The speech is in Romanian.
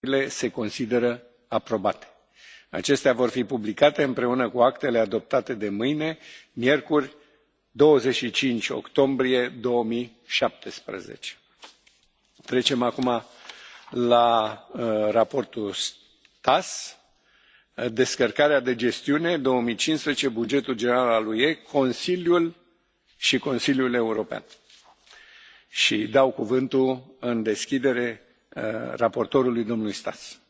propunerile se consideră aprobate. acestea vor fi publicate împreună cu actele adoptate de mâine miercuri douăzeci și cinci octombrie. două mii șaptesprezece trecem acum la uh, raportul stas descărcarea de gestiune două mii cincisprezece bugetul general al ue consiliul și consiliul european și dau cuvântul în deschidere raportorului domnului staes.